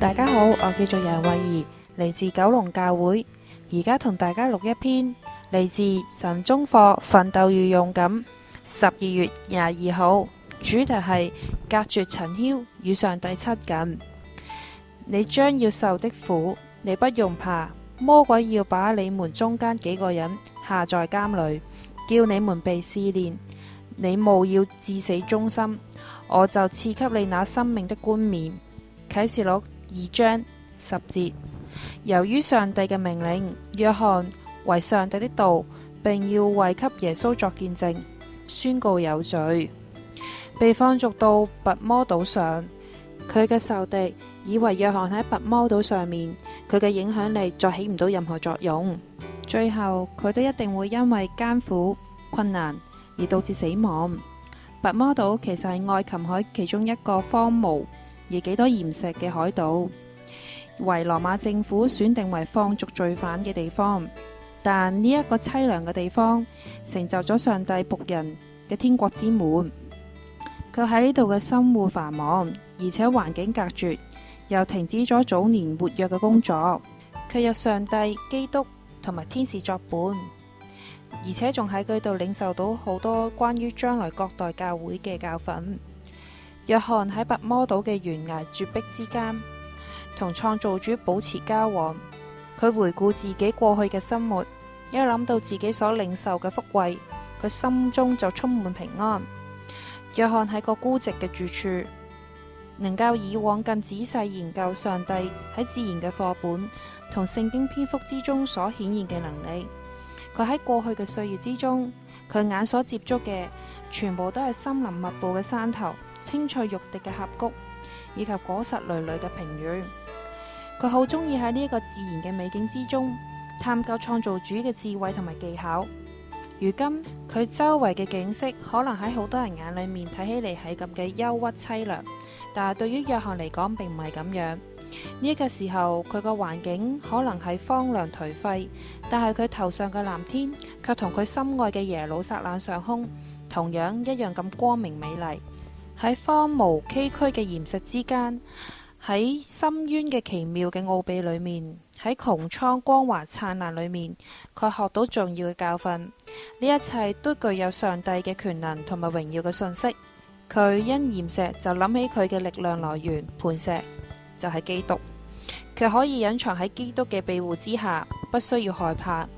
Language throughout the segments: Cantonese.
大家好，我叫做楊慧儀，嚟自九龍教會，而家同大家錄一篇嚟自神中課奮鬥與勇敢。十二月廿二號，主題係隔絕塵囂與上帝親近。你將要受的苦，你不用怕。魔鬼要把你們中間幾個人下在監裏，叫你們被試煉。你務要至死忠心，我就賜給你那生命的冠冕。啟示錄。二章十節，由於上帝嘅命令，約翰為上帝的道，並要為給耶穌作見證，宣告有罪，被放逐到拔摩島上。佢嘅仇敵以為約翰喺拔摩島上面，佢嘅影響力再起唔到任何作用，最後佢都一定會因為艱苦困難而導致死亡。拔摩島其實係愛琴海其中一個荒蕪。而幾多岩石嘅海島，為羅馬政府選定為放逐罪犯嘅地方。但呢一個淒涼嘅地方，成就咗上帝僕人嘅天國之門。佢喺呢度嘅生活繁忙，而且環境隔絕，又停止咗早年活躍嘅工作。佢有上帝、基督同埋天使作伴，而且仲喺佢度領受到好多關於將來各代教會嘅教訓。約翰喺拔摩島嘅懸崖絕壁之間，同創造主保持交往。佢回顧自己過去嘅生活，一諗到自己所領受嘅福惠，佢心中就充滿平安。約翰喺個孤寂嘅住處，能夠以往更仔細研究上帝喺自然嘅課本同聖經篇幅之中所顯現嘅能力。佢喺過去嘅歲月之中，佢眼所接觸嘅。全部都係森林密布嘅山頭、青翠欲滴嘅峽谷，以及果實纍纍嘅平原。佢好鍾意喺呢一個自然嘅美景之中探究創造主嘅智慧同埋技巧。如今佢周圍嘅景色可能喺好多人眼裏面睇起嚟係咁嘅憂鬱淒涼，但係對於約翰嚟講，並唔係咁樣。呢、這、一個時候，佢個環境可能係荒涼頹廢，但係佢頭上嘅藍天卻同佢心愛嘅耶路撒冷上空。同樣一樣咁光明美麗，喺荒蕪崎嶇嘅岩石之間，喺深淵嘅奇妙嘅奧秘裏面，喺窮蒼光華燦爛裏面，佢學到重要嘅教訓。呢一切都具有上帝嘅權能同埋榮耀嘅信息。佢因岩石就諗起佢嘅力量來源，磐石就係、是、基督，佢可以隱藏喺基督嘅庇護之下，不需要害怕。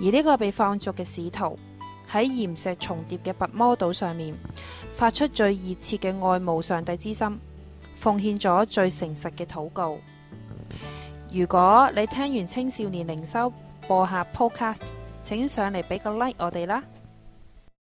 而呢個被放逐嘅使徒。喺岩石重疊嘅拔摩島上面，發出最熱切嘅愛慕上帝之心，奉獻咗最誠實嘅禱告。如果你聽完青少年靈修播下 podcast，請上嚟俾個 like 我哋啦。